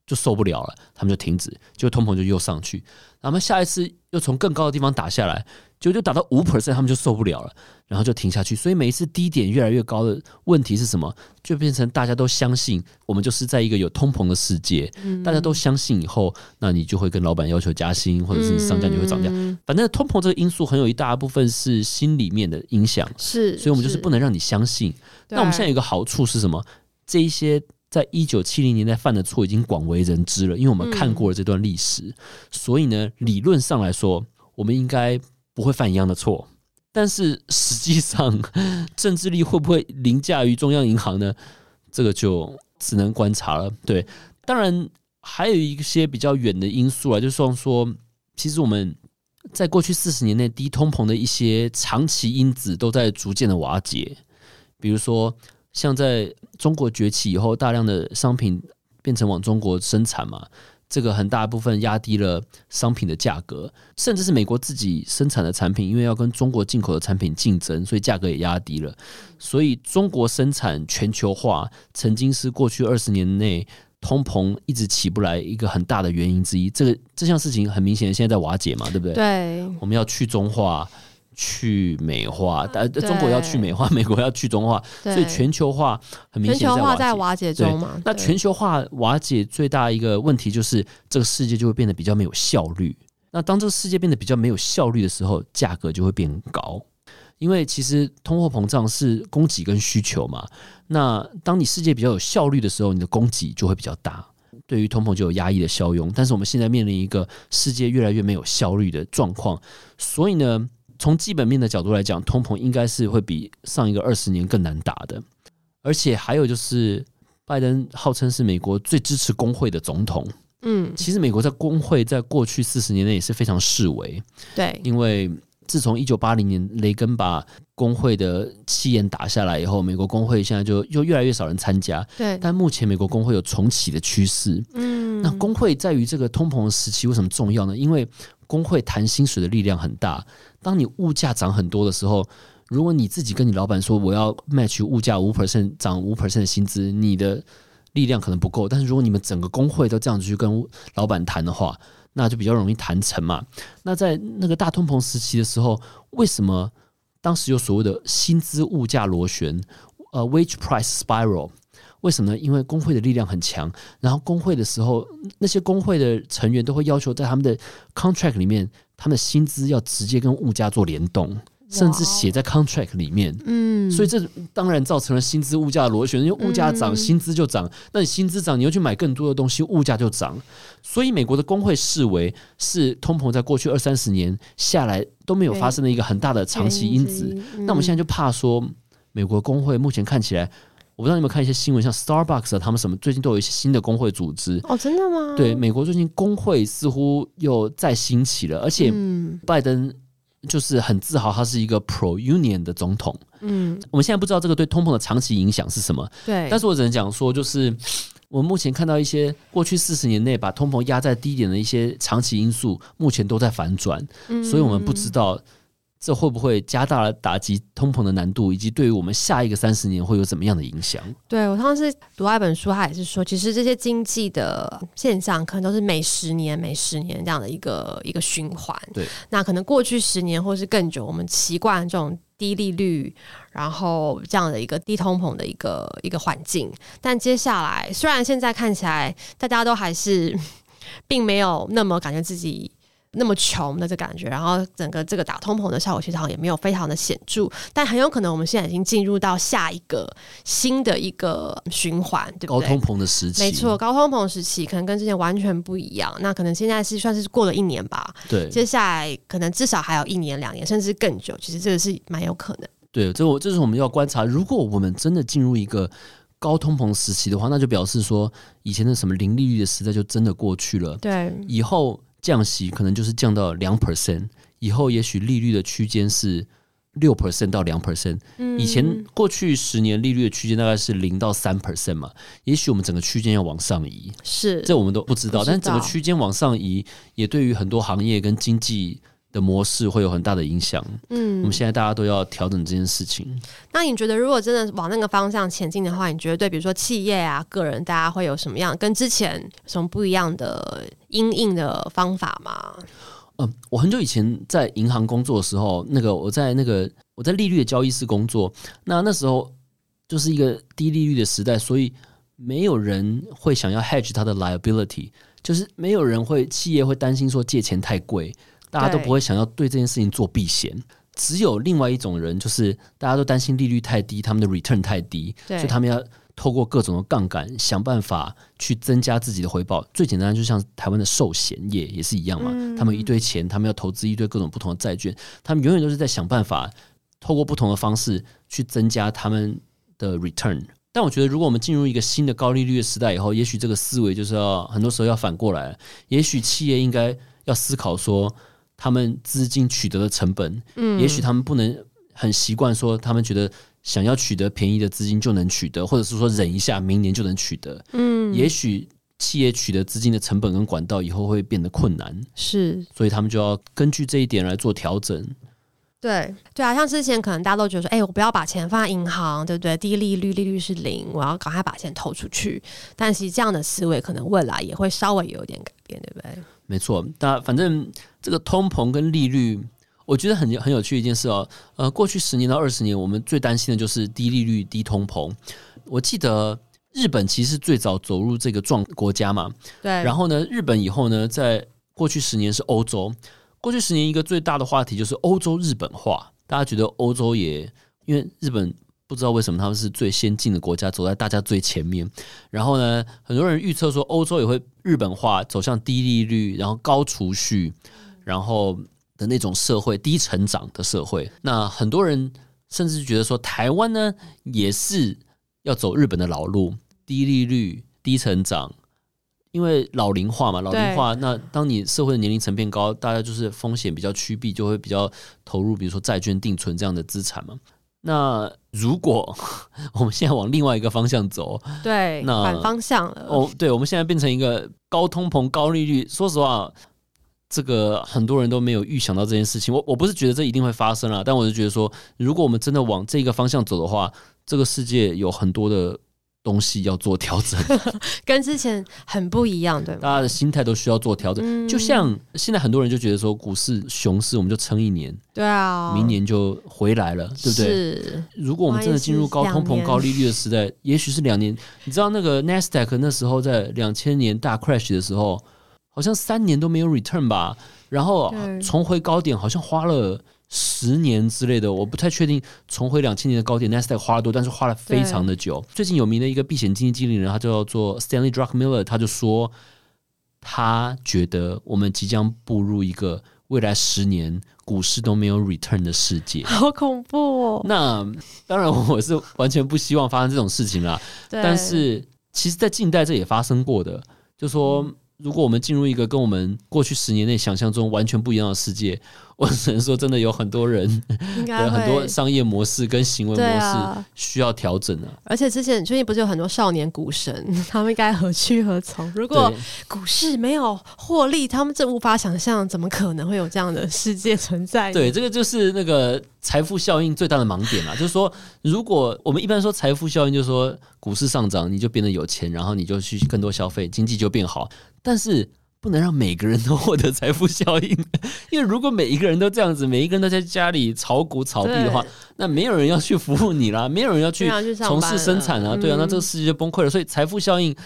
就受不了了，他們就停止，就通膨就又上去。然後下一次又從更高的地方打下來，就就打到五 percent，他們就受不了了，然後就停下去。所以每一次低點越來越高的問題是什麼？就變成大家都相信我們就是在一個有通膨的世界，嗯、大家都相信以後，那你就會跟老板要求加薪，或者是你商家你會漲價、嗯。反正通膨這個因素很有一大部分是心裡面的影響，是，所以我們就是不能讓你相信。那我們現在有一個好處是什麼？這一些在一九七零年代犯的錯已經廣為人知了，因為我們看過了這段歷史，嗯，所以呢，理論上來說，我們應該不會犯一樣的錯。但是實際上，政治力會不會凌駕於中央銀行呢？這個就只能觀察了。對，當然還有一些比較遠的因素啊，就是說，其實我們在過去四十年內低通膨的一些長期因子都在逐漸的瓦解，比如說。像在中國崛起以後，大量的商品變成往中國生產嘛，這個很大一部分壓低了商品的價格，甚至是美國自己生產的產品，因為要跟中國進口的產品競爭，所以價格也壓低了。所以中國生產全球化曾經是過去二十年內通膨一直起不來一個很大的原因之一。這個這項事情很明顯現在在瓦解嘛，對不對？對，我們要去中化。去美化，但中國要去美化，美國要去中化，所以全球化很明顯在瓦解。全球化在瓦解中。那全球化瓦解最大一個問題就是這個世界就會變得比較沒有效率。那當這個世界變得比較沒有效率的時候，價格就會變高，因為其實通貨膨脹是供給跟需求嘛。那當你世界比較有效率的時候，你的供給就會比較大，對於通膨就有壓抑的效用。但是我們現在面臨一個世界越來越沒有效率的狀況，所以呢，從基本面的角度來講，通膨應該是會比上一個二十年更難打的，而且還有就是，拜登號稱是美國最支持工會的總統，嗯，其實美國在工會在過去四十年內也是非常式微，對，因為自從一九八零年雷根把工會的氣焰打下來以後，美國工會現在就又越來越少人參加，對，但目前美國工會有重啟的趨勢，嗯。那工會在於這個通膨時期為什麼重要呢？因為工會談薪水的力量很大。當你物價漲很多的時候，如果你自己跟你老板說我要 match 物價五 percent 漲五 percent 的薪資，你的力量可能不夠。但是如果你們整個工會都這樣子去跟老板談的話，那就比較容易談成嘛。那在那個大通膨時期的時候，為什麼當時有所謂的薪資物價螺旋？呃、uh，wage price spiral 為什麼呢？因為工會的力量很強，然後工會的時候，那些工會的成員都會要求在他們的 contract 裡面，他們的薪資要直接跟物價做聯動，甚至寫在 contract 裡面。嗯，所以這當然造成了薪資物價的螺旋，因為物價漲，薪資就漲，嗯。那你薪資漲，你又去買更多的東西，物價就漲。所以美國的工會視為是通膨在過去二三十年下來都沒有發生的一個很大的長期因子。嗯、那我們現在就怕說。美國工會目前看起來，我不知道你們有沒有看一些新聞，像 Starbucks 啊，他們什麼最近都有一些新的工會組織。哦，真的嗎？對，美國最近工會似乎又再興起了，而且拜登就是很自豪，他是一個 pro union 的總統。嗯，我們現在不知道這個對通膨的長期影響是什麼。對，但是我只能講說，就是我們目前看到一些過去四十年內把通膨壓在低點的一些長期因素，目前都在反轉。嗯，所以我們不知道。這會不會加大了打擊通膨的難度，以及對於我們下一個三十年會有怎麼樣的影響？對，我上次讀到一本書，他也是說，其實這些經濟的現象可能都是每十年、每十年這樣的一個一個循環。對，那可能過去十年或是更久，我們習慣這種低利率，然後這樣的一個低通膨的一個一個環境。但接下來，雖然現在看起來大家都還是並沒有那麼感覺自己，那麼窮的這感覺，然後整個這個打通膨的效果其實好像也沒有非常的顯著，但很有可能我們現在已經進入到下一個新的一個循環，對不對？高通膨的時期，沒錯，高通膨時期可能跟之前完全不一樣。那可能現在是算是過了一年吧，對。接下來可能至少還有一年、兩年，甚至更久，其實這個是蠻有可能。對，這我這是我們要觀察。如果我們真的進入一個高通膨時期的話，那就表示說以前的什麼零利率的時代就真的過去了。對，以後。降息，可能就是降到兩 percent，以後也許利率的區間是六 percent 到兩 percent。以前過去十年利率的區間大概是零到三 percent 嘛，也許我們整個區間要往上移。是，這我們都不知道。知道但整個區間往上移，也對於很多行業跟經濟。的模式會有很大的影響。嗯，我們現在大家都要調整這件事情。那你覺得，如果真的往那個方向前進的話，你覺得，對，比如說企業啊、個人，大家會有什麼樣跟之前什麼不一樣的因應的方法嗎？嗯，我很久以前在銀行工作的時候，那個我在那個我在利率的交易室工作。那那時候就是一個低利率的時代，所以沒有人會想要 hedge 他的 liability，就是沒有人會企業會擔心說借錢太貴。大家都不會想要對這件事情做避險，只有另外一種人，就是大家都擔心利率太低，他們的 return 太低，所以他們要透過各種的槓桿想辦法去增加自己的回報。最簡單就是像台灣的壽險業也是一樣嘛、嗯，他們一堆錢，他們要投資一堆各種不同的債券，他們永遠都是在想辦法透過不同的方式去增加他們的 return。但我覺得，如果我們進入一個新的高利率的時代以後，也許這個思維就是要很多時候要反過來，也許企業應該要思考說。他們資金取得的成本，嗯，也許他們不能很習慣說，他們覺得想要取得便宜的資金就能取得，或者是說忍一下，嗯、明年就能取得，嗯，也許企業取得資金的成本跟管道，以後會變得困難，是，所以他們就要根據這一點來做調整。對，對啊，像之前可能大家都覺得說，哎、欸，我不要把錢放在銀行，對不對？低利率，利率是零，我要趕快把錢投出去。但其實這樣的思維可能未來也會稍微有點改變，對不對？沒錯，那反正這個通膨跟利率，我覺得很很有趣一件事哦。呃，過去十年到二十年，我們最擔心的就是低利率、低通膨。我記得日本其實最早走入這個狀國家嘛，對。然後呢，日本以後呢，在過去十年是歐洲，過去十年一個最大的話題就是歐洲日本化。大家覺得歐洲也因為日本。不知道為什麼他們是最先進的國家，走在大家最前面。然後呢，很多人預測說，歐洲也會日本化，走向低利率、然後高儲蓄、然後的那種社會，低成長的社會。那很多人甚至覺得說，台灣呢也是要走日本的老路，低利率、低成長，因為老齡化嘛，老齡化。那當你社會的年齡層變高，大家就是風險比較趨避，就會比較投入，比如說債券、定存這樣的資產嘛。那如果我們現在往另外一個方向走，對，那反方向了哦，對，我們現在變成一個高通膨、高利率。說實話，這個很多人都沒有預想到這件事情。我我不是覺得這一定會發生啦，但我是覺得說，如果我們真的往這個方向走的話，這個世界有很多的東西要做調整 <laughs> 跟之前很不一樣，對嗎？大家的心態都需要做調整，嗯。就像現在很多人就覺得說，股市熊市我們就撐一年，對啊，明年就回來了，對不對？是。如果我們真的進入高通膨、高利率的時代，也許是兩年。你知道那個 Nasdaq 那時候在兩千年大 crash 的時候，好像三年都沒有 return 吧？然後重回高點，好像花了。十年之類的，我不太確定重回兩千年的高點。Nasdaq 花了多，但是花了非常的久。最近有名的一個避險基金經理人，他叫做 Stanley Druckenmiller，他就說他覺得我們即將步入一個未來十年股市都沒有 return 的世界。好恐怖哦！那當然，我是完全不希望發生這種事情啦。 <laughs> 但是，其實，在近代這也發生過的，就說、嗯、如果我們進入一個跟我們過去十年內想象中完全不一樣的世界。我只能說，真的有很多人應該， <laughs> 很多商業模式跟行為模式需要調整啊。啊、而且之前最近不是有很多少年股神，他們該何去何從？如果股市沒有獲利，他們真無法想象，怎麼可能會有這樣的世界存在？對，對，這個就是那個財富效應最大的盲點嘛。就是說，如果我們一般說財富效應，就是說股市上漲，你就變得有錢，然後你就去更多消費，經濟就變好。但是。不能讓每個人都獲得財富效應，因為如果每一個人都這樣子，每一個人都在家裡炒股炒幣的話，那沒有人要去服務你啦，沒有人要去從事生產啊，對啊，那這個世界就崩潰了、嗯。所以財富效應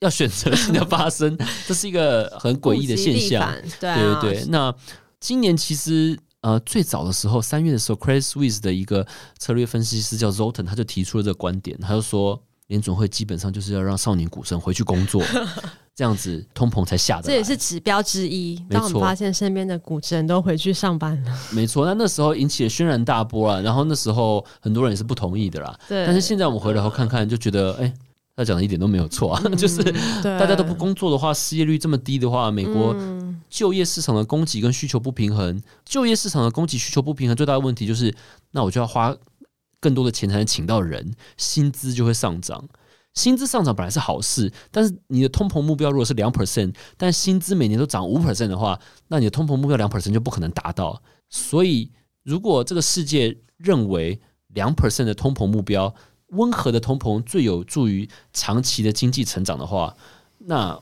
要選擇性的發生，這是一個很詭異的現象對、啊，對對對。那今年其實呃最早的時候，三月的時候，Credit Suisse 的一個策略分析師叫 Zoltan，他就提出了這個觀點，他就說。聯準會基本上就是要讓少年股神回去工作， <laughs> 這樣子通膨才下得來。這也是指標之一。當我們發現身邊的股神都回去上班了。沒錯，那那時候引起了軒然大波啊，然後那時候很多人也是不同意的啦。對。但是現在我們回來後看看，就覺得哎、嗯，他講的一點都沒有錯、啊。嗯、 <laughs> 就是大家都不工作的話，失業率這麼低的話，美國就業市場的供給跟需求不平衡。嗯、就業市場的供給需求不平衡最大的問題就是，那我就要花。更多的錢才能請到人，薪資就會上漲。薪資上漲本來是好事，但是你的通膨目標如果是兩 percent，但薪資每年都漲五 percent 的話，那你的通膨目標兩 percent 就不可能達到。所以，如果這個世界認為兩 percent 的通膨目標，溫和的通膨最有助於長期的經濟成長的話，那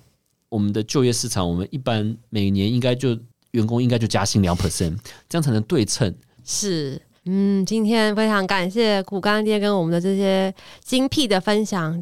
我們的就業市場，我們一般每年應該就員工應該就加薪兩 percent，這樣才能對稱。是。嗯，今天非常感謝股乾爹跟我們的這些精闢的分享。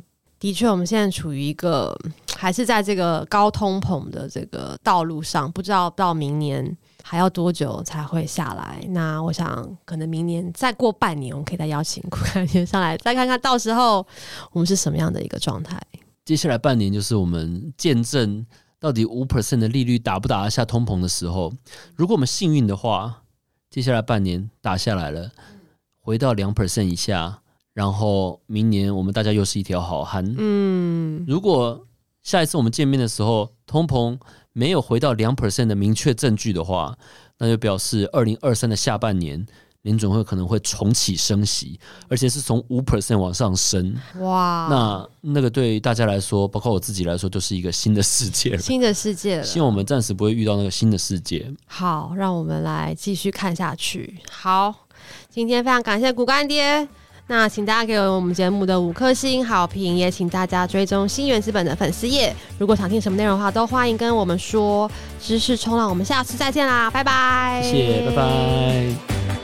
的確，我們現在處於一個還是在這個高通膨的這個道路上，不知道到明年還要多久才會下來。那我想，可能明年再過半年，我們可以再邀請股乾爹上來，再看看到時候我們是什麼樣的一個狀態。接下來半年就是我們見證到底五 percent 的利率打不打得下通膨的時候。如果我們幸運的話。接下來半年打下來了，回到兩 percent 以下，然後明年我們大家又是一條好漢。嗯，如果下一次我們見面的時候，通膨沒有回到兩 percent 的明確證據的話，那就表示二零二三的下半年，聯準會可能會重啟升息，而且是從五 percent 往上升。哇、wow，那那個對大家來說，包括我自己來說，就是一個新的世界了。新的世界了。希望我們暫時不會遇到那個新的世界。好，讓我們來繼續看下去。好，今天非常感謝股乾爹。那請大家給我們節目的五顆星好評，也請大家追蹤新源資本的粉絲頁。如果想聽什麼內容的話，都歡迎跟我們說。知識衝浪，我們下次再見啦，拜拜。謝謝，拜拜。